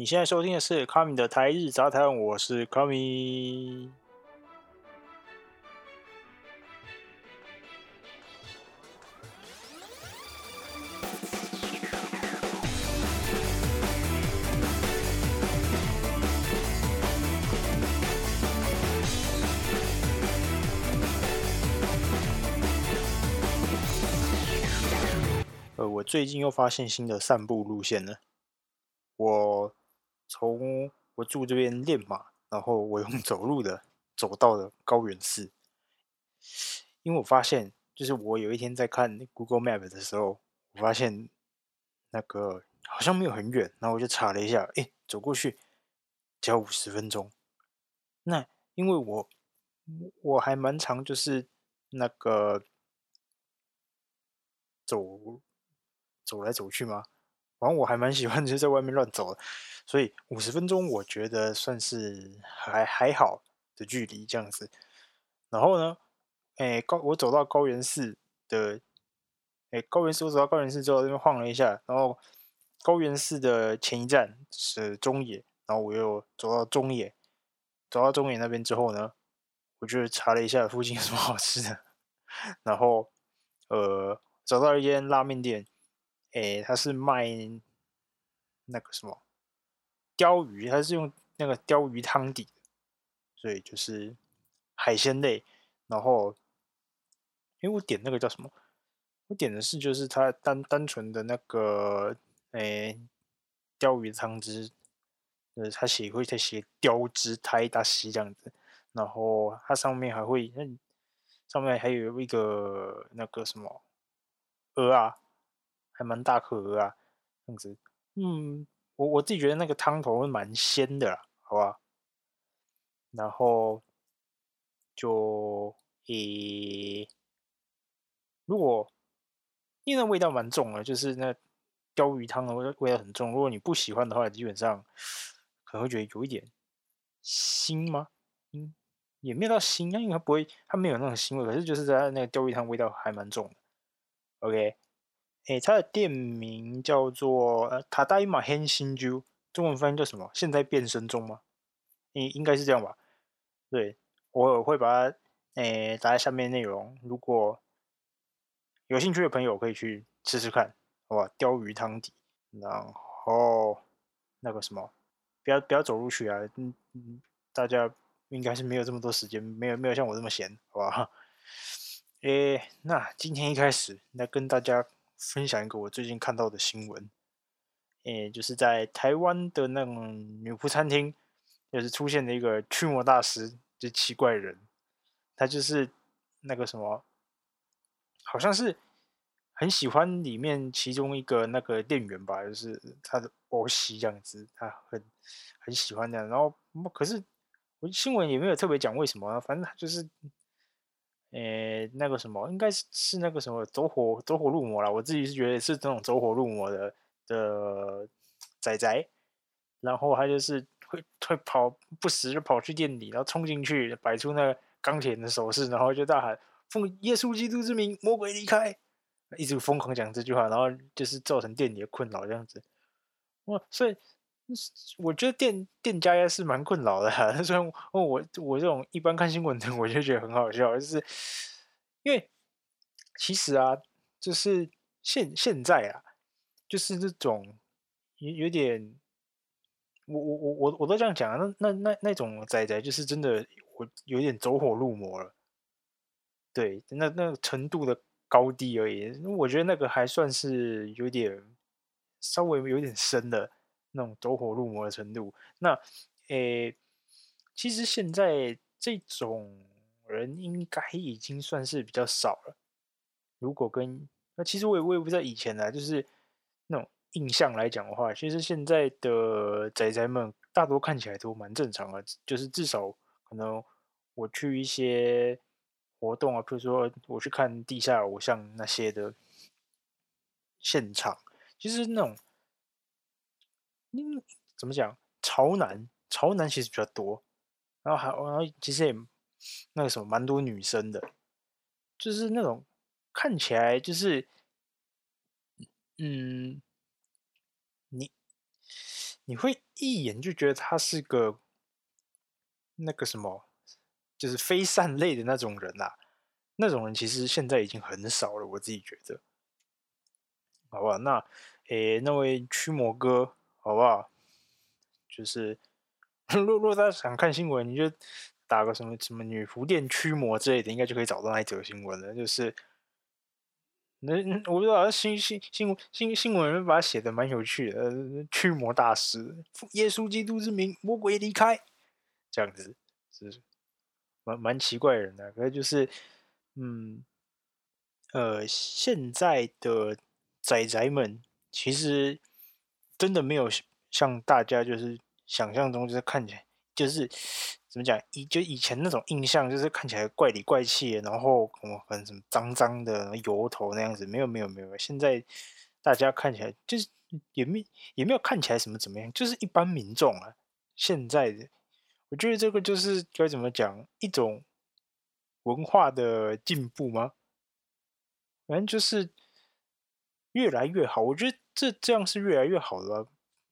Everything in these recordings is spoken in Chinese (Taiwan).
你現在收聽的是 Kami 的台日雜談，我是 Kami。呃，我最近又發現新的散步路線了，我。從我住這邊練馬，然後我用走路的走到了高円寺。因為我發現，就是我有一天在看 Google Map 的時候，我發現那個好像沒有很遠，然後我就查了一下，哎、欸，走過去只要五十分鐘。那因為我我還蠻常，就是那個走走來走去嘛。反正我還蠻喜歡就在外面亂走的，所以五十分鐘我覺得算是還還好的距離這樣子。然後呢，哎、欸、高我走到高円寺的，哎、欸、高円寺我走到高円寺之後那邊晃了一下，然後高円寺的前一站是中野，然後我又走到中野，走到中野那邊之後呢，我就查了一下附近有什麼好吃的，然後呃找到一間拉麵店。誒、欸，他是賣那個什麼鯛魚，他是用那個鯛魚湯底，所以就是海鮮類。然後，因、欸、為我點那個叫什麼？我點的是就是他單單純的那個誒鯛、欸、魚湯汁，呃、就是，他寫會在寫鯛汁台達西這樣子。然後它上面還會，上面還有一個那個什麼鵝啊。還蠻大顆啊，這樣子，嗯，我我自己覺得那個湯頭蠻鮮的啦，好吧，然後就，呃、欸，如果因為那個味道蠻重的，就是那鲷魚湯的味味道很重，如果你不喜歡的話，基本上可能會覺得有一點腥嗎？嗯，也沒有到腥啊，因為它不會，它沒有那種腥味，可是就是在那個鲷魚湯味道還蠻重的，OK。哎、欸，他的店名叫做呃，塔大伊馬 hen 新 ju，中文翻譯叫什麼？現在變身中嗎？欸、應應該是這樣吧。對，我會把它哎打、欸、在下面內容。如果有興趣的朋友，可以去試試看，好吧？鯛魚湯底，然後那個什麼，不要不要走路去啊！嗯嗯，大家應該是沒有這麼多時間，沒有沒有像我這麼閒，好吧？哎、欸，那今天一開始來跟大家。分享一個我最近看到的新聞，誒、欸，就是在台灣的那種女僕餐廳，就是出現了一個驅魔大師的、就是、奇怪的人，他就是那個什麼，好像是很喜歡裡面其中一個那個店員吧，就是他的歐西這樣子，他很很喜歡這樣，然後可是我新聞也沒有特別講為什麼啊，反正他就是。誒，那個什麼，應該是是那個什麼走火走火入魔啦。我自己是覺得是這種走火入魔的的仔仔，然後他就是會會跑不時就跑去店裡，然後衝進去擺出那個鋼鐵的手勢，然後就大喊奉耶穌基督之名，魔鬼離開，一直瘋狂講這句話，然後就是造成店裡的困擾這樣子。哇，所以。我覺得店店家也是蠻困擾的、啊。雖然我我，我這種一般看新聞的，我就覺得很好笑，就是因為其實啊，就是現現在啊，就是這種有有點，我我我我我都這樣講啊，那那那那種宅宅，就是真的，我有點走火入魔了。對，那那程度的高低而已，我覺得那個還算是有點稍微有點深的。那種走火入魔的程度，那，欸，其實現在這種人應該已經算是比較少了。如果跟那其實我也我也不知道以前呢，就是那種印象來講的話，其實現在的宅宅們大多看起來都蠻正常的，就是至少可能我去一些活動啊，比如說我去看地下偶像那些的現場，其實那種。怎麼講？潮男，潮男其實比較多，然後還，然後其實也那個什麼，蠻多女生的，就是那種看起來就是，嗯，你你會一眼就覺得他是個那個什麼，就是非善類的那種人啦、啊。那種人其實現在已經很少了，我自己覺得，好吧，那，誒，那位驅魔哥。好不好？就是，如果大家想看新聞，你就打個什麼什麼女服店驅魔之類的，應該就可以找到那一則新聞了。就是，那我不知道新新新聞新新聞人把它寫的蠻有趣的，呃、驅魔大師，耶穌基督之名，魔鬼離開，這樣子是蠻蠻奇怪的人的、啊。可是就是，嗯，呃，現在的仔仔們其實。真的沒有像大家就是想象中，就是看起來就是怎麼講，以就以前那種印象，就是看起來怪裡怪氣，然後很很什麼髒髒的油頭那樣子，沒有沒有沒有。現在大家看起來就是也沒也沒有看起來什麼怎麼樣，就是一般民眾啊。現在的我覺得這個就是該怎麼講？一種文化的進步嗎？反正就是越來越好，我覺得。這這樣是越來越好了，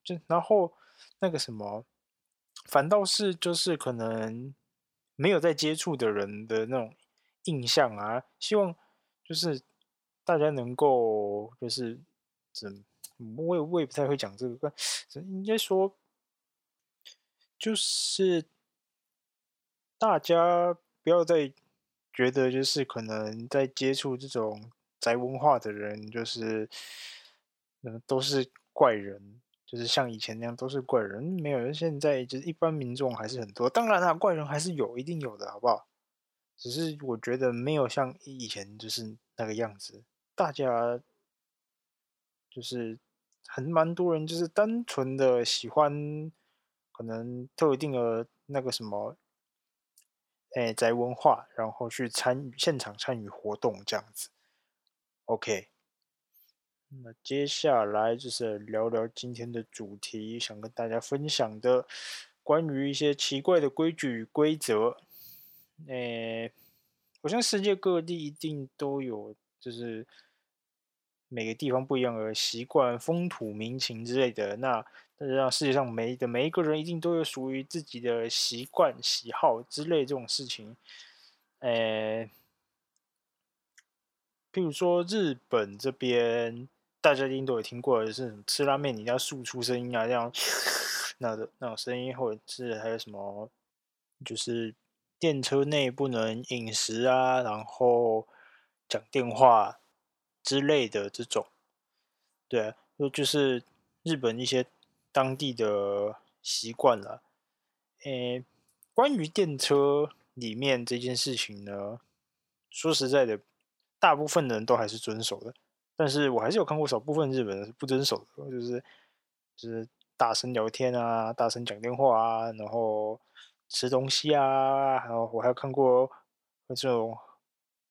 就然後那個什麼，反倒是就是可能沒有在接觸的人的那種印象啊，希望就是大家能夠就是怎，我也我也不太會講這個，應該說就是大家不要再覺得就是可能在接觸這種宅文化的人，就是。都是怪人，就是像以前那樣都是怪人，沒有。現在就是一般民眾還是很多，當然啦、啊，怪人還是有一定有的，好不好？只是我覺得沒有像以前就是那個樣子，大家就是很蠻多人就是單純的喜歡可能特定的那個什麼，哎、欸，宅文化，然後去參與現場參與活動這樣子。OK。那接下來就是來聊聊今天的主題，想跟大家分享的關於一些奇怪的規矩與規則。誒、欸，好像世界各地一定都有,就是每個地方不一樣的習慣、風土民情之類的。那但是讓世界上每一個每一個人一定都有屬於自己的習慣、喜好之類的這種事情。誒、欸，譬如說日本這邊。大家一定都有聽過的，就是吃拉麵你要漱出聲音啊，這樣那的那種聲音，或者是還有什麼，就是電車內不能飲食啊，然後講電話之類的這種，對、啊，就就是日本一些當地的習慣了。呃、欸，關於電車裡面這件事情呢，說實在的，大部分人都還是遵守的。但是我還是有看過少部分日本人是不遵守的，就是就是大聲聊天啊，大聲講電話啊，然後吃東西啊，還有我還有看過那種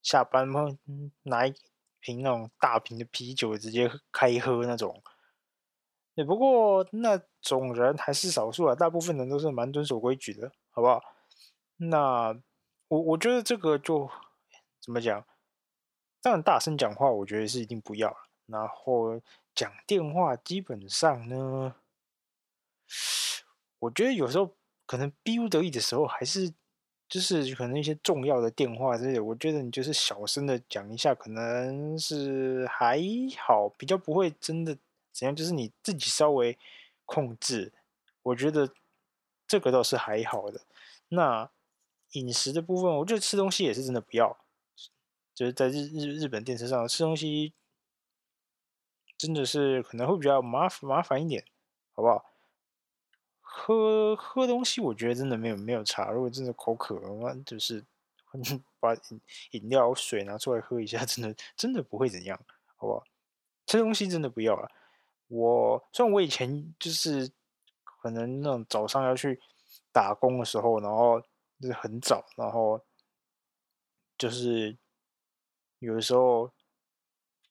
下班嘛，拿一瓶那種大瓶的啤酒直接開喝那種。也不過那種人還是少數啊，大部分人都是蠻遵守規矩的，好不好？那我我覺得這個就怎麼講？這樣大聲講話，我覺得是一定不要，然後講電話，基本上呢，我覺得有時候可能逼不得已的時候，還是就是可能一些重要的電話之類的，我覺得你就是小聲的講一下，可能是還好，比較不會真的怎樣。就是你自己稍微控制，我覺得這個倒是還好的。那飲食的部分，我覺得吃東西也是真的不要。就是在日日日本電車上吃東西，真的是可能會比較麻煩麻煩一點，好不好？喝喝東西，我覺得真的沒有沒有差。如果真的口渴了嘛，就是呵呵把飲料水拿出來喝一下，真的真的不會怎樣，好不好？吃東西真的不要了。我雖然我以前就是可能那種早上要去打工的時候，然後就是很早，然後就是有的時候，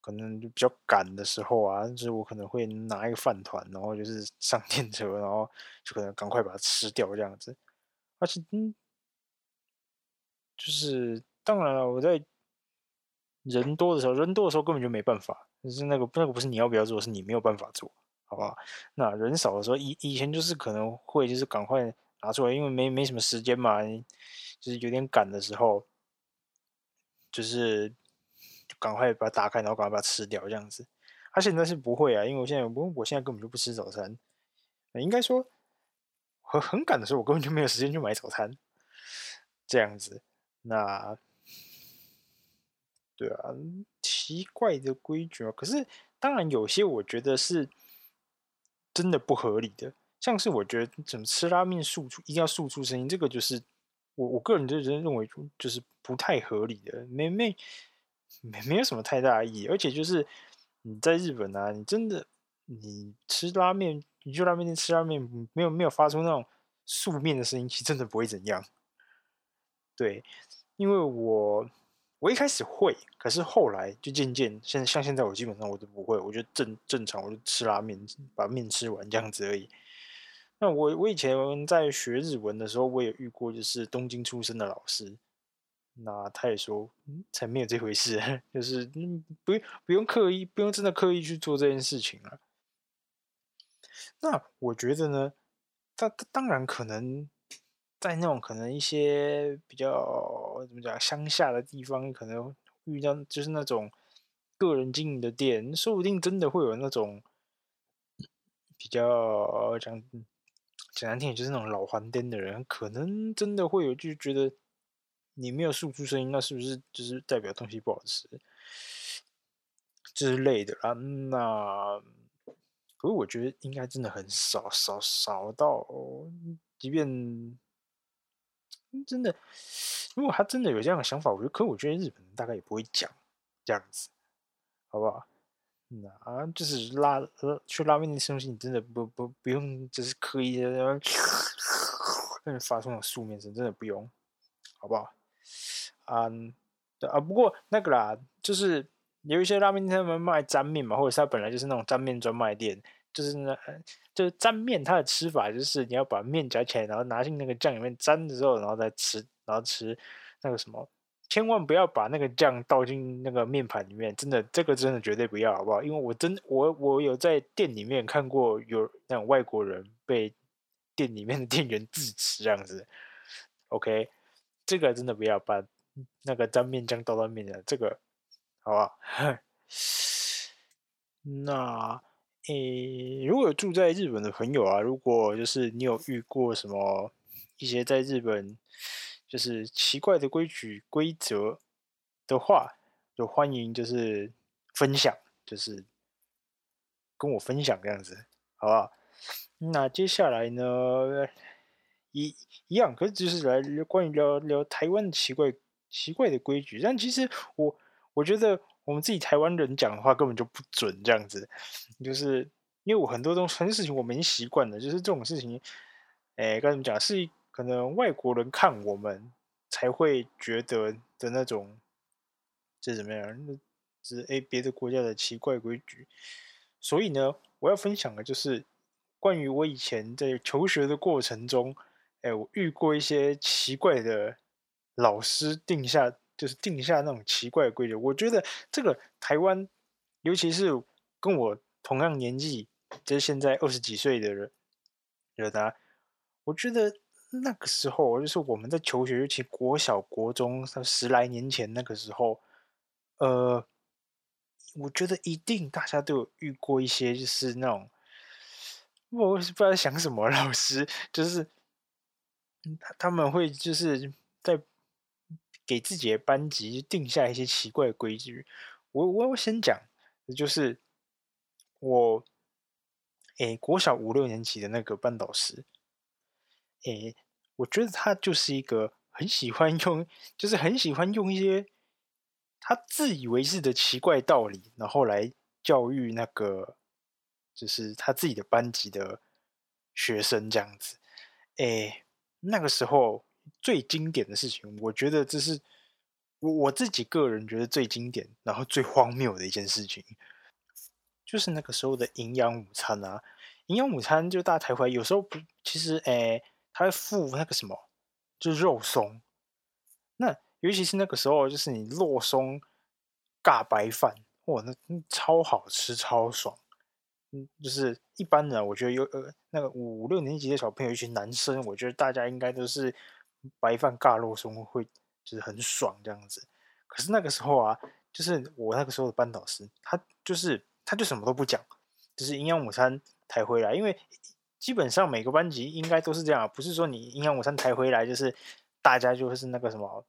可能就比較趕的時候啊，就是我可能會拿一個飯糰，然後就是上電車，然後就可能趕快把它吃掉這樣子。而且，嗯，就是當然了，我在人多的時候，人多的時候根本就沒辦法，就是那個那個不是你要不要做，是你沒有辦法做，好不好？那人少的時候，以以前就是可能會就是趕快拿出來，因為沒沒什麼時間嘛，就是有點趕的時候，就是。就趕快把它打開，然後趕快把它吃掉，這樣子。他、啊、現在是不會啊，因為我現在我我現在根本就不吃早餐。應該說，很很趕的時候，我根本就沒有時間去買早餐。這樣子，那對啊，奇怪的規矩啊。可是，當然有些我覺得是真的不合理的，像是我覺得怎麼吃拉麵，訴出一定要訴出聲音，這個就是我我個人就認認為就是不太合理的。妹妹。沒沒有什麼太大意義，而且就是你在日本啊，你真的你吃拉麵，你去拉麵店吃拉麵，沒有沒有發出那種素麵的聲音，其實真的不會怎樣。對，因為我我一開始會，可是後來就漸漸，現在像現在我基本上我都不會，我就正正常我就吃拉麵，把麵吃完這樣子而已。那我我以前在學日文的時候，我也遇過，就是東京出生的老師。那他也說、嗯，才沒有這回事，就是、嗯、不用不用刻意，不用真的刻意去做這件事情了。那我覺得呢，他當然可能在那種可能一些比較怎麼講鄉下的地方，可能遇到就是那種個人經營的店，說不定真的會有那種比較講難聽點，就是那種老黃店的人，可能真的會有，就覺得。你沒有輸出聲音，那是不是就是代表東西不好吃之類的啦？那可是我覺得應該真的很少，少，少到，即便真的，如果他真的有這樣的想法，我覺得可我覺得日本人大概也不會講這樣子，好不好？那啊，就是拉呃去拉面那東西，你真的不不不，不用，就是刻意的那你、呃呃、發送的素面聲，真的不用，好不好？啊、um，對啊，不過那個啦，就是有一些拉麵店他們賣沾麵嘛，或者是他本來就是那種沾麵專賣店，就是呢，就是沾麵它的吃法就是你要把麵夾起來，然後拿進那個醬裡面沾的時候，然後再吃，然後吃那個什麼，千萬不要把那個醬倒進那個麵盤裡面，真的，這個真的絕對不要，好不好？因為我真我我有在店裡面看過有那種外國人被店裡面的店員制止這樣子，OK，這個真的不要把。那個沾麵醬倒沾麵的這個，好吧。 那誒、欸，如果有住在日本的朋友啊，如果就是你有遇過什麼一些在日本就是奇怪的規矩規則的話，就歡迎就是分享，就是跟我分享這樣子，好不好？那接下來呢，一一樣，可是就是來聊關於聊聊台灣的奇怪。奇怪的規矩，但其實我我覺得我們自己台灣人講的話根本就不準這樣子，就是因為我很多東西很多事情我們已經習慣了，就是這種事情，哎、欸，該怎麼講是可能外國人看我們才會覺得的那種，這怎麼樣？那只是哎別的國家的奇怪規矩，所以呢，我要分享的就是關於我以前在求學的過程中，哎、欸，我遇過一些奇怪的。老師定下就是定下那種奇怪的規矩，我覺得這個台灣，尤其是跟我同樣年紀，就是現在二十幾歲的人，有的，我覺得那個時候就是我們在求學，尤其國小、國中，十來年前那個時候，呃，我覺得一定大家都有遇過一些，就是那種，我我不知道想什麼老師，就是，他們會就是。給自己的班級定下一些奇怪規矩。我我我先講，就是我，誒、欸，國小五六年級的那個班導師，誒、欸，我覺得他就是一個很喜歡用，就是很喜歡用一些他自以為是的奇怪道理，然後來教育那個，就是他自己的班級的學生這樣子。誒、欸，那個時候，最經典的事情，我覺得這是我我自己個人覺得最經典，然後最荒謬的一件事情，就是那個時候的營養午餐啊，營養午餐就大家抬回來，有時候不，其實誒、欸，它會附那個什麼，就是肉鬆，那尤其是那個時候，就是你肉鬆咖白飯，哇那，那超好吃，超爽，就是一般的，啊，我覺得有呃，那個五六年級的小朋友，一群男生，我覺得大家應該都是。白飯尬肉鬆會就是很爽這樣子，可是那個時候啊，就是我那個時候的班導師，他就是他就什麼都不講，就是營養午餐抬回來，因為基本上每個班級應該都是這樣啊，不是說你營養午餐抬回來就是大家就是那個什麼，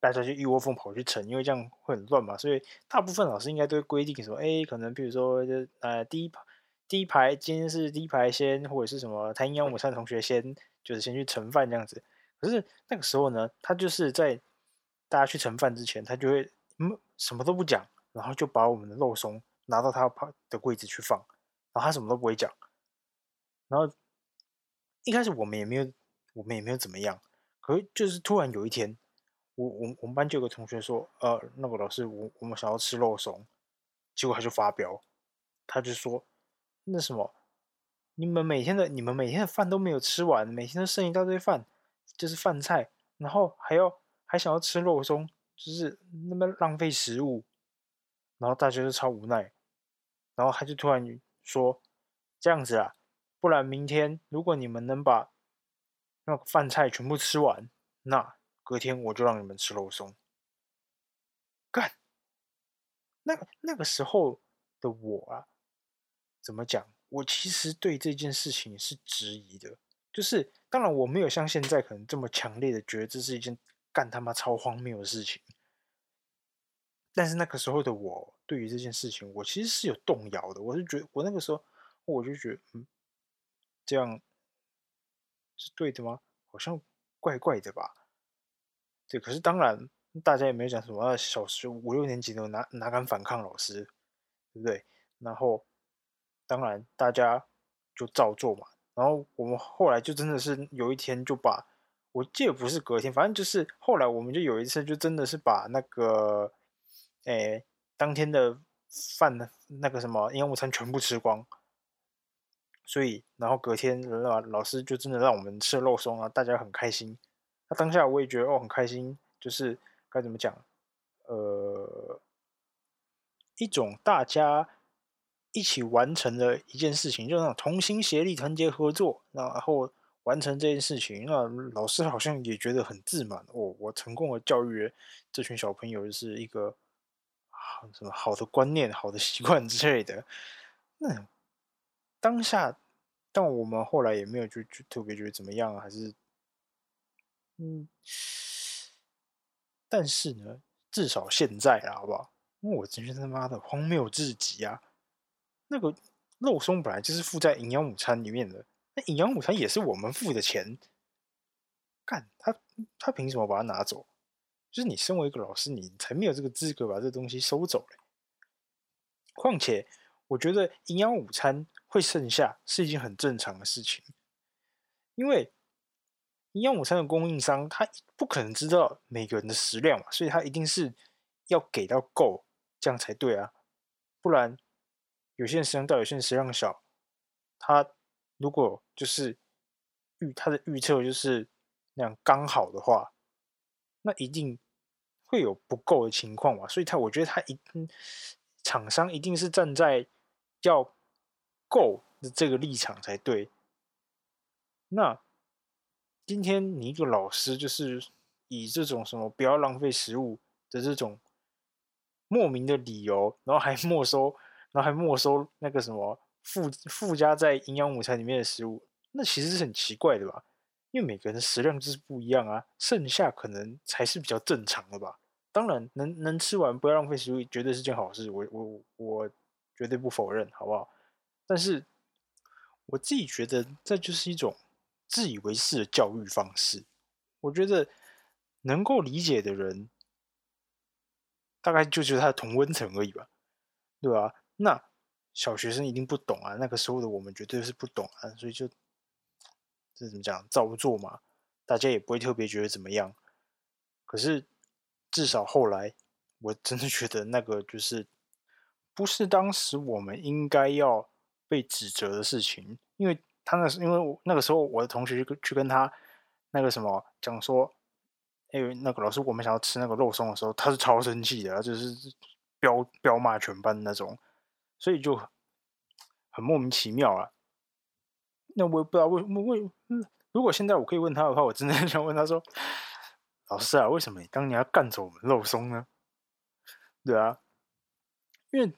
大家就一窩蜂跑去盛，因為這樣會很亂嘛，所以大部分老師應該都會規定說，哎，可能比如說呃第一第一排今天是第一排先，或者是什麼他營養午餐的同學先，就是先去盛飯這樣子。可是那個時候呢，他就是在大家去盛飯之前，他就會嗯什麼都不講，然後就把我們的肉鬆拿到他的櫃子去放，然後他什麼都不會講。然後一開始我們也沒有，我們也沒有怎麼樣。可是就是突然有一天，我我我們班就有個同學說，呃，那個老師，我我們想要吃肉鬆，結果他就發飆，他就說那什麼，你們每天的你們每天的飯都沒有吃完，每天都剩一大堆飯，就是飯菜，然後還要還想要吃肉鬆，就是那麼浪費食物，然後大家都超無奈，然後他就突然說這樣子啊，不然明天如果你們能把那個飯菜全部吃完，那隔天我就讓你們吃肉鬆。幹，那那個時候的我啊，怎麼講？我其實對這件事情是質疑的。就是，當然我沒有像現在可能這麼強烈的覺得這是一件幹他媽超荒謬的事情。但是那個時候的我，對於這件事情，我其實是有動搖的。我是覺得，我那個時候我就覺得，嗯，這樣是對的嗎？好像怪怪的吧。對，可是當然大家也沒有講什麼，小學五六年級的哪哪敢反抗老師，對不對？然後當然大家就照做嘛。然後我們後來就真的是有一天就把，我記得不是隔天，反正就是後來我們就有一次就真的是把那個，誒、欸，當天的飯那個什麼營養午餐全部吃光，所以然後隔天老老師就真的讓我們吃肉鬆啊，大家很開心。那當下我也覺得哦很開心，就是該怎麼講，呃，一種大家。一起完成了一件事情，就那種同心協力、團結合作，然後完成這件事情。那老師好像也覺得很自滿哦，我成功地教育這群小朋友，是一個好什麼好的觀念、好的習慣之類的。那當下，但我們後來也沒有就就特別覺得怎麼樣，還是嗯，但是呢，至少現在啦，好不好？因、哦、為我真是他媽的荒謬至極啊！那個肉鬆本來就是附在營養午餐裡面的，那營養午餐也是我們付的錢，幹他他憑什麼把它拿走？就是你身為一個老師，你才沒有這個資格把這東西收走咧。況且，我覺得營養午餐會剩下是一件很正常的事情，因為營養午餐的供應商他不可能知道每個人的食量嘛，所以他一定是要給到夠這樣才對啊，不然。有些時間大，有些時量小。他如果就是預他的預測就是那樣剛好的話，那一定會有不夠的情況嘛。所以他我覺得他一廠、嗯、商一定是站在要夠的這個立場才對。那今天你一個老師，就是以這種什麼不要浪費食物的這種莫名的理由，然後還沒收。然後還沒收那個什麼附附加在營養午餐裡面的食物，那其實是很奇怪的吧？因為每個人的食量就是不一樣啊，剩下，可能才是比較正常的吧。當然，能能吃完不要浪費食物絕對是件好事，我我我，我絕對不否認，好不好？但是我自己覺得這就是一種自以為是的教育方式。我覺得能夠理解的人，大概就是他的同溫層而已吧，對吧、啊？那小學生一定不懂啊，那個時候的我們絕對是不懂啊，所以就這怎麼講照做嘛，大家也不會特別覺得怎麼樣。可是至少後來，我真的覺得那個就是不是當時我們應該要被指責的事情，因為他那是因為那個時候我的同學去，去跟他那個什麼講說，哎、欸，那個老師，我們想要吃那個肉鬆的時候，他是超生氣的，他就是飆飆罵全班的那種。所以就很莫名其妙啊。那我也不知道為什麼。為如果現在我可以問他的話，我真的想問他說：“老師啊，為什麼你當年要幹走我們肉鬆呢？”對啊，因為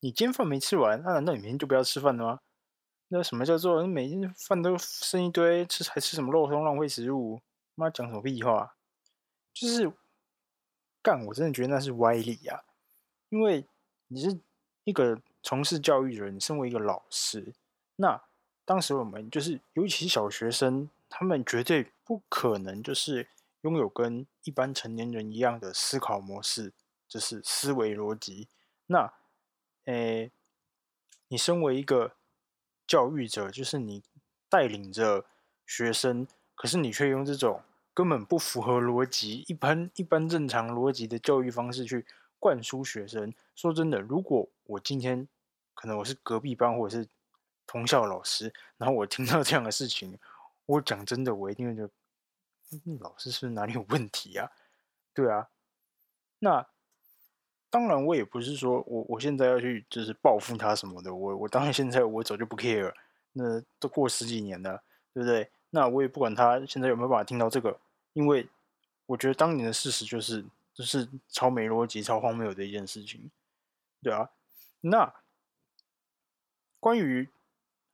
你今天飯沒吃完啊，那難道你明天就不要吃飯了嗎？那什麼叫做你每天飯都剩一堆吃，還吃什麼肉鬆，浪費食物？媽講什麼屁話！就是幹，我真的覺得那是歪理啊。因為你是。一個從事教育的人，身為一個老師，那當時我們就是，尤其是小學生，他們絕對不可能就是擁有跟一般成年人一樣的思考模式，就是思維邏輯。那，誒、欸，你身為一個教育者，就是你帶領着學生，可是你卻用這種根本不符合邏輯、一般一般正常邏輯的教育方式去灌輸學生。說真的，如果我今天可能我是隔壁班或者是同校老師，然後我聽到這樣的事情，我講真的，我一定會覺得老師是不是哪裡有問題啊？對啊，那當然我也不是說我我現在要去就是報復他什麼的，我我當然現在我走就不 care，那都過十幾年了，對不對？那我也不管他現在有沒有辦法聽到這個，因為我覺得當年的事實就是就是超沒邏輯、超荒謬的一件事情。對啊，那關於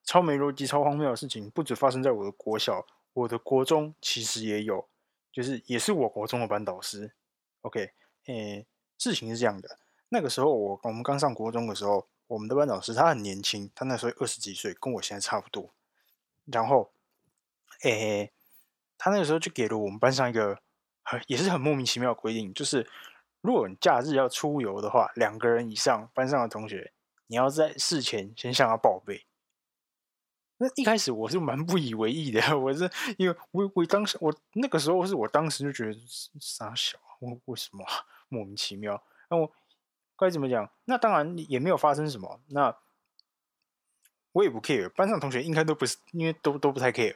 超沒邏輯、超荒謬的事情，不只發生在我的國小，我的國中其實也有，就是也是我國中的班導師。OK，誒、欸，事情是這樣的，那個時候我我們剛上國中的時候，我們的班導師他很年輕，他那時候二十幾歲，跟我現在差不多。然後，誒、欸，他那個時候就給了我們班上一個也是很莫名其妙的規定，就是。如果你假日要出遊的話，兩個人以上班上的同學，你要在事前先向他報備。那一開始我是蠻不以為意的，我是因為我我當時我那個時候是我當時就覺得傻小，為為什麼莫名其妙？那我該怎麼講？那當然也沒有發生什麼。那我也不 care，班上的同學應該都不是，因為都都不太 care。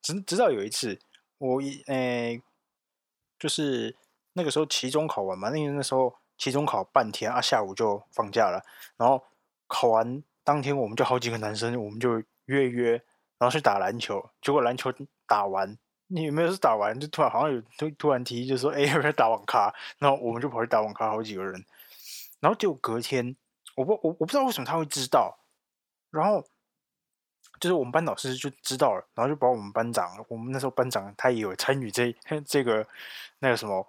直直到有一次，我誒，呃，就是。那個時候期中考完嘛，那那個那時候期中考半天啊，下午就放假了。然後考完當天，我們就好幾個男生，我們就約約，然後去打籃球。結果籃球打完，你有沒有是打完，就突然好像有突突然提就說：“哎、欸，要不要打網咖？”然後我們就跑去打網咖，好幾個人。然後就隔天，我不我我不知道為什麼他會知道，然後就是我們班老師就知道了，然後就把我們班長，我們那時候班長他也有參與這這個那個什麼。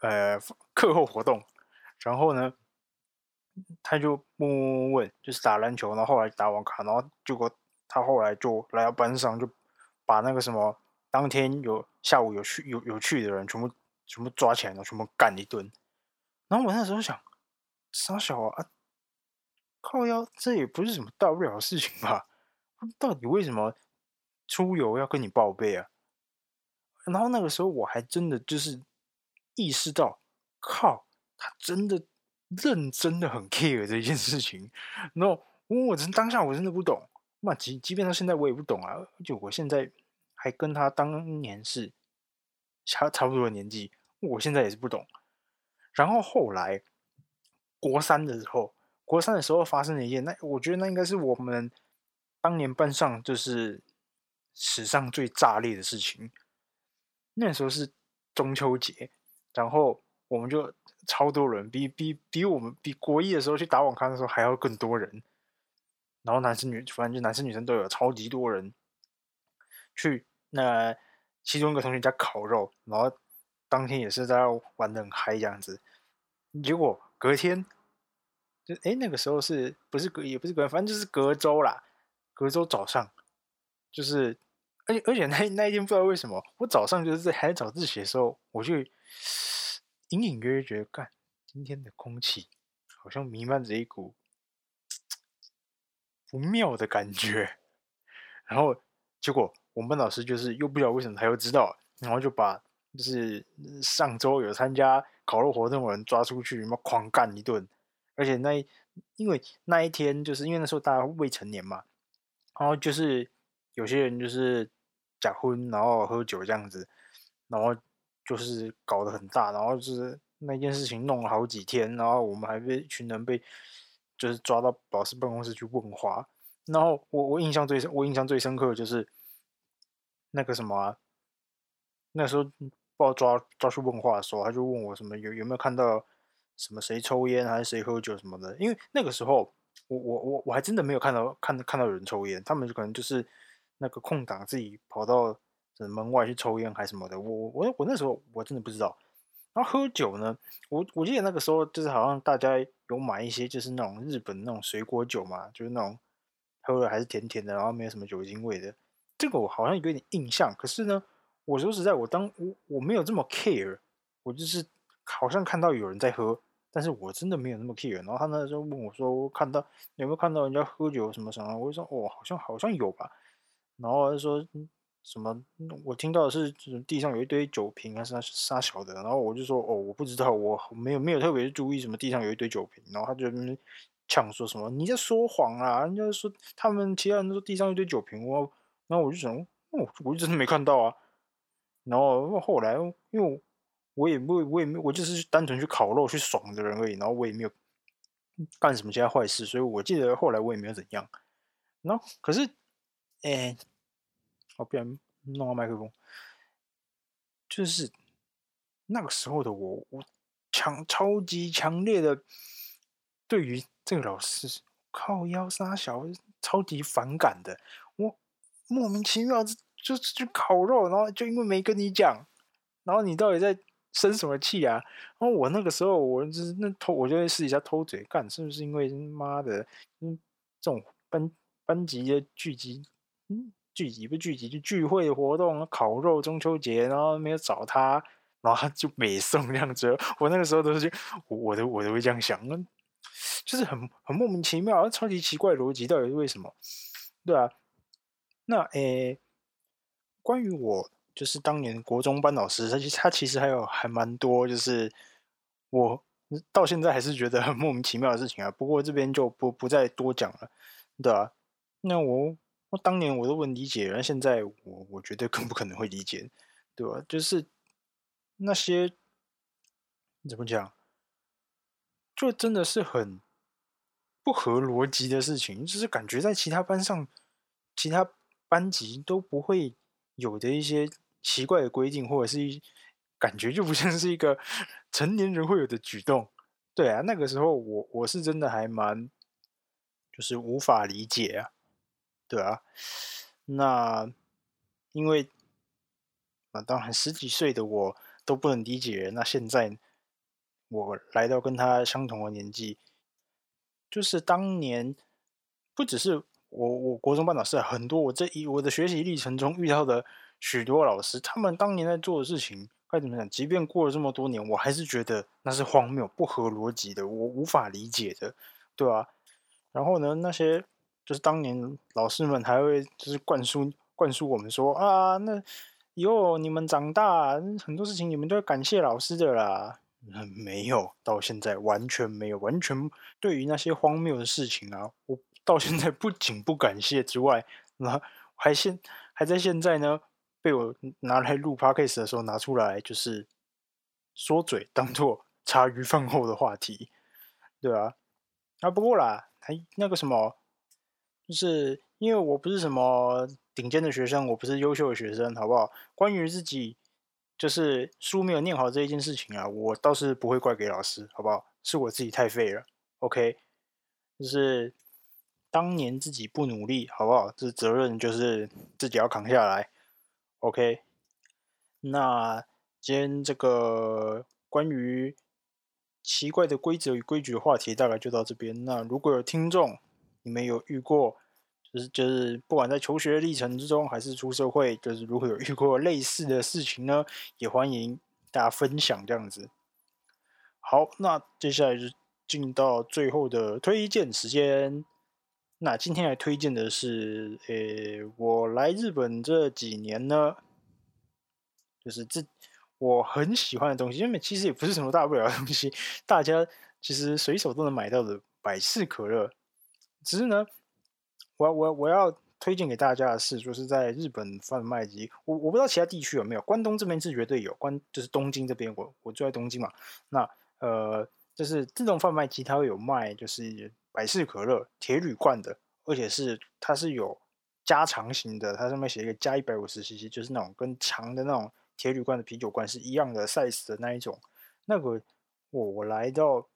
呃，課後活動，然後呢，他就問，問問問，就是打籃球，然後後來打網卡，然後結果他後來就來到班上，就把那個什麼當天有下午有去有有去的人，全部全部抓起來然後全部幹一頓。然後我那時候想，傻小啊，靠腰，這也不是什麼大不了的事情吧？到底為什麼出遊要跟你報備啊？然後那個時候我還真的就是。意識到，靠，他真的認真的很 care 這件事情。然後，我真當下我真的不懂。那即即便到現在我也不懂啊。就我現在還跟他當年是差差不多的年紀，我現在也是不懂。然後後來，國三的時候，國三的時候發生了一件，那我覺得那應該是我們當年班上就是史上最炸裂的事情。那時候是中秋節。然後我們就超多人，比比比我們比國一的時候去打網咖的時候還要更多人。然後男生女反正就男生女生都有，超級多人去那、呃、其中一個同學家烤肉，然後當天也是在玩的很嗨這樣子。結果隔天就哎，那個時候是不是隔，也不是隔，反正就是隔周啦。隔周早上就是，而且而且那那一天不知道為什麼，我早上就是在還早自習的時候我去。隱隱約約覺得，幹，今天的空氣好像瀰漫着一股不妙的感覺。然後結果我們老師就是又不知道為什麼他又知道，然後就把就是上周有參加烤肉活動的人抓出去，然後狂幹一頓。而且那一因為那一天就是因為那時候大家未成年嘛，然後就是有些人就是呷菸，然後喝酒這樣子，然後。就是搞得很大，然後就是那件事情弄了好幾天，然後我們還被一群人被就是抓到老師辦公室去問話。然後我我印象最深我印象最深刻的就是那個什麼、啊，那時候被抓抓去問話的時候，他就問我什麼有有沒有看到什麼誰抽煙還是誰喝酒什麼的。因為那個時候我我我我還真的沒有看到看看到有人抽煙，他們可能就是那個空檔自己跑到。是門外去抽煙還是什麼的，我我我那時候我真的不知道。然後喝酒呢，我我記得那個時候就是好像大家有買一些就是那種日本那種水果酒嘛，就是那種喝了還是甜甜的，然後沒有什麼酒精味的。這個我好像有點印象，可是呢，我說實在我，我當我我沒有這麼 care，我就是好像看到有人在喝，但是我真的沒有那麼 care。然後他那時候問我說，我看到有沒有看到人家喝酒什麼什麼，我就說哦，好像好像有吧。然後他說。什麼？我聽到的是，地上有一堆酒瓶，啊，還是啥小的？然後我就說，哦，我不知道，我沒有沒有特別注意什麼。地上有一堆酒瓶，然後他就嗆說什麼，你在說謊啊！人家說他們其他人都說地上一堆酒瓶，我，然後我就想，哦，我就真的沒看到啊。然後後來，因為我也不我也沒我，我，我，我就是單純去烤肉去爽的人而已，然後我也沒有幹什麼其他壞事，所以我記得後來我也沒有怎樣。然後可是，哎、欸。好、哦，不然弄個麥克風。就是那個時候的我，我強超級強烈的對於這個老師靠腰殺小孩，超級反感的。我莫名其妙就就烤肉，然後就因為沒跟你講，然後你到底在生什麼氣啊？然後我那個時候，我就是那偷，我就在私底下偷嘴幹，是不是因為媽的，因為這種班班級的聚集，嗯聚集不聚集就聚會的活動、烤肉、中秋節，然後沒有找他，然後他就沒送這樣子。我那個時候都是我我都我都會這樣想，就是很很莫名其妙，超級奇怪邏輯，到底是為什麼？對啊。那誒關於我就是當年國中班老師，他其他其實還有還蠻多，就是我到現在還是覺得很莫名其妙的事情啊。不過這邊就不不再多講了，對啊，那我。當年我都不理解，但現在我我覺得更不可能會理解，對吧？就是那些怎麼講，就真的是很不合邏輯的事情，就是感覺在其他班上、其他班級都不會有的一些奇怪的規定，或者是一感覺就不像是一個 成年人會有的舉動。對啊，那個時候我我是真的還蠻就是無法理解啊。對啊，那因為啊，當然十幾歲的我都不能理解。那現在我來到跟他相同的年紀，就是當年不只是我，我國中、班老師很多。我這一我的學習歷程中遇到的許多老師，他們當年在做的事情，該怎麼講？即便過了這麼多年，我還是覺得那是荒謬、不合邏輯的，我無法理解的，對吧、啊？然後呢，那些。就是當年老師們還會就是灌輸灌輸我們說啊，那以後你們長大，很多事情你們都要感謝老師的啦、嗯。沒有，到現在完全沒有，完全對於那些荒謬的事情啊，我到現在不僅不感謝之外，然後還現還在現在呢，被我拿來錄 Podcast 的時候拿出來就是說嘴，當做茶餘飯後的話題，對吧、啊？啊，不過啦，還那個什麼。就是因為我不是什麼頂尖的學生，我不是優秀的學生，好不好？關於自己就是書沒有念好這一件事情啊，我倒是不會怪給老師，好不好？是我自己太廢了。OK，就是當年自己不努力，好不好？這責任就是自己要扛下來。OK，那今天這個關於奇怪的規則與規矩的話題大概就到這邊。那如果有聽眾，你們有遇過，就是就是不管在求學歷程之中，還是出社會，就是如果有遇過類似的事情呢，也歡迎大家分享這樣子。好，那接下來就進到最後的推薦時間。那今天來推薦的是，呃、欸，我來日本這幾年呢，就是這我很喜歡的東西，因為其實也不是什麼大不了的東西，大家其實隨手都能買到的百事可樂。只是呢，我我我要推薦給大家的是，就是在日本販賣機，我我不知道其他地區有沒有，關東這邊是絕對有，關就是東京這邊，我我住在東京嘛，那呃，就是自動販賣機它會有賣，就是百事可樂鐵鋁罐的，而且是它是有加長型的，它上面寫一個加一百五十 cc，就是那種跟長的那種鐵鋁罐的啤酒罐是一樣的 size 的那一種，那個我我來到。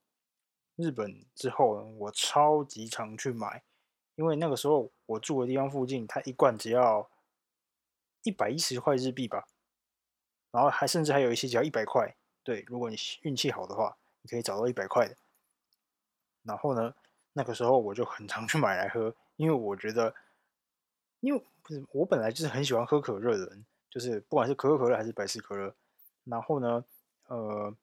日本之後呢，我超級常去買，因為那個時候我住的地方附近，它一罐只要一百一十塊日幣吧，然後還甚至還有一些只要一百塊。對，如果你運氣好的話，你可以找到一百塊的。然後呢，那個時候我就很常去買來喝，因為我覺得，因為我本來就是很喜歡喝可樂的人，就是不管是可口可樂還是百事可樂。然後呢，呃，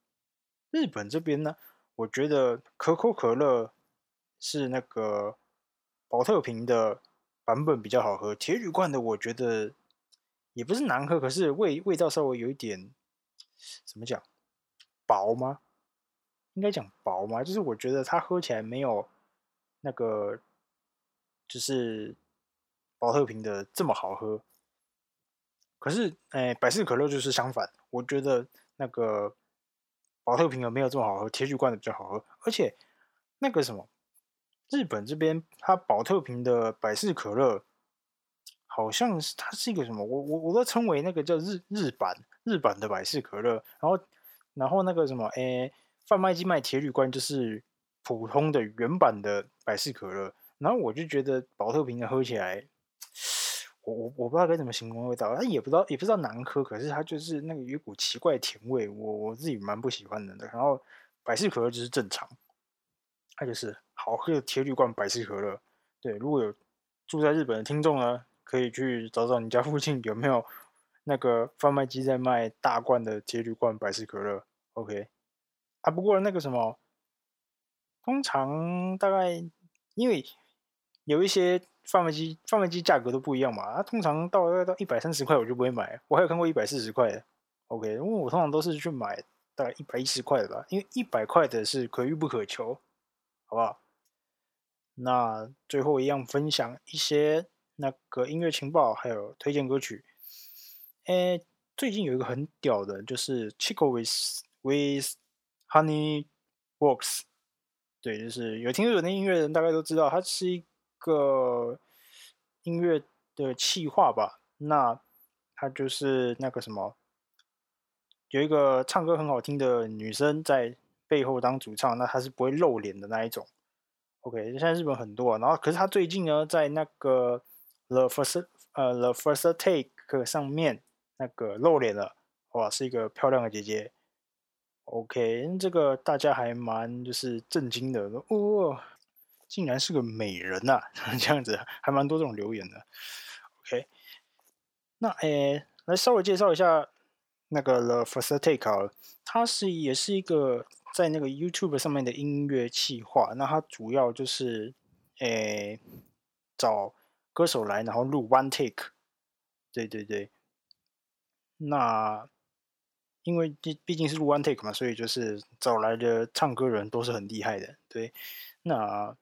日本這邊呢。我覺得可口可樂是那個寶特瓶的版本比較好喝，鐵鋁罐的我覺得也不是難喝，可是味味道稍微有一點，怎麼講，薄嗎？應該講薄嗎？就是我覺得它喝起來沒有那個，就是寶特瓶的這麼好喝。可是，哎、欸，百事可樂就是相反，我覺得那個。寶特瓶的沒有這麼好喝，鐵鋁罐的比較好喝。而且那個什麼，日本這邊它寶特瓶的百事可樂，好像是它是一個什麼，我我我都稱為那個叫日日版日版的百事可樂。然後然後那個什麼，誒、欸，販賣機賣鐵鋁罐就是普通的原版的百事可樂。然後我就覺得寶特瓶的喝起來。我我我不知道該怎麼形容味道，他也不知道也不知道難喝，可是他就是那個有一股奇怪的甜味，我我自己蠻不喜歡的。然後百事可樂就是正常，那就是好喝的鐵鋁罐百事可樂。對，如果有住在日本的聽眾呢，可以去找找你家附近有沒有那個販賣機在賣大罐的鐵鋁罐百事可樂。OK，啊，不過那個什麼，通常大概因為有一些。範圍機→，販賣機價格都不一樣嘛。它、啊、通常到大概到一百三十塊我就不會買，我還有看過一百四十塊的，OK。因為我通常都是去買大概一百一十塊的吧，因為一百塊的是可遇不可求，好不好？那最後一樣分享一些那個音樂情報，還有推薦歌曲。誒、欸，最近有一個很屌的，就是《CHiCO with with HoneyWorks》。對，就是有聽日本音樂的人，大概都知道，它是一。個音樂的企劃吧，那他就是那個什麼，有一個唱歌很好聽的女生在背後當主唱，那她是不會露臉的那一種。OK，現在日本很多啊，然後可是她最近呢，在那個 The First 呃 The First Take 上面那個露臉了，哇，是一個漂亮的姐姐。OK，這個大家還蠻就是震驚的哦,哦。哦竟然是個美人吶、啊！這樣子還蠻多這種留言的。OK，那誒、欸，來稍微介紹一下那個 The First Take，了它是也是一個在那個 YouTube 上面的音樂企劃。那它主要就是誒、欸、找歌手來，然後錄 One Take。對對對。那因為畢畢竟是錄 One Take 嘛，所以就是找來的唱歌人都是很厲害的。對，那。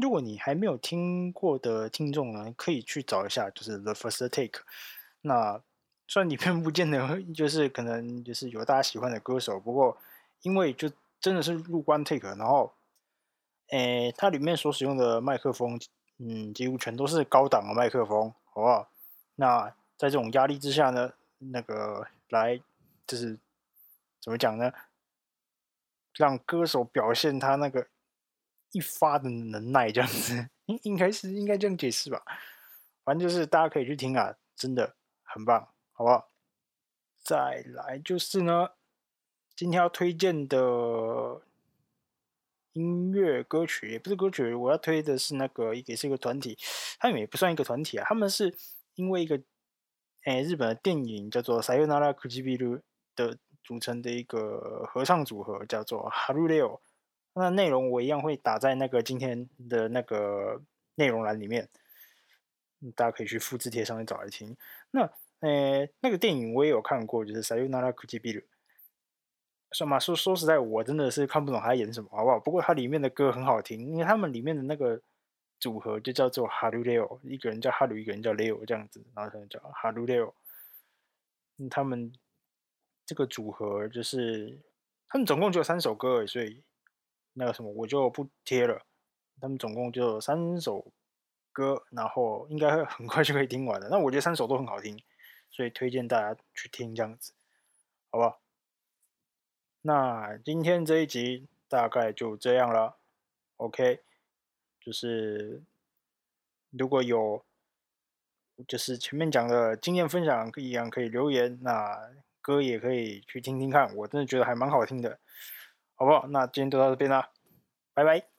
如果你還沒有聽過的聽眾呢，可以去找一下，就是《The First Take》那。那雖然裡面不見得就是可能就是有大家喜歡的歌手，不過因為就真的是入關 Take，然後，誒、欸，它裡面所使用的麥克風，嗯，幾乎全都是高檔的麥克風，好不好？那在這種壓力之下呢，那個來，就是怎麼講呢？讓歌手表現他那個。一發的能耐這樣子，應該是應該這樣解釋吧。反正就是大家可以去聽啊，真的很棒，好不好？再來就是呢，今天要推薦的音樂歌曲也不是歌曲，我要推的是那個也是一個團體，他們也不算一個團體啊，他們是因為一個、欸、日本的電影叫做《Sayonara Kuchibiru》的組成的一個合唱組合，叫做 Harureo。那內容我一樣會打在那個今天的那個內容欄裡面，大家可以去複制貼上面找來聽。那呃、欸，那個電影我也有看過，就是《Sayonara Kuchibiru》。算嘛，說說實在，我真的是看不懂他在演什麼，好不好？不過它裡面的歌很好聽，因為他們裡面的那個組合就叫做 Haru Leo，一個人叫 Haru，一個人叫 Leo 這樣子，然後他們叫 Haru Leo。他們這個組合就是他們總共就有三首歌而已，所以。那個什麼，我就不貼了。他們總共就三首歌，然後應該很快就可以聽完了。那我覺得三首都很好聽，所以推薦大家去聽這樣子，好不好？那今天這一集大概就這樣了。OK，就是如果有就是前面講的經驗分享一樣可以留言，那歌也可以去聽聽看，我真的覺得還蠻好聽的。好不好，那今天就到這邊啦，拜拜。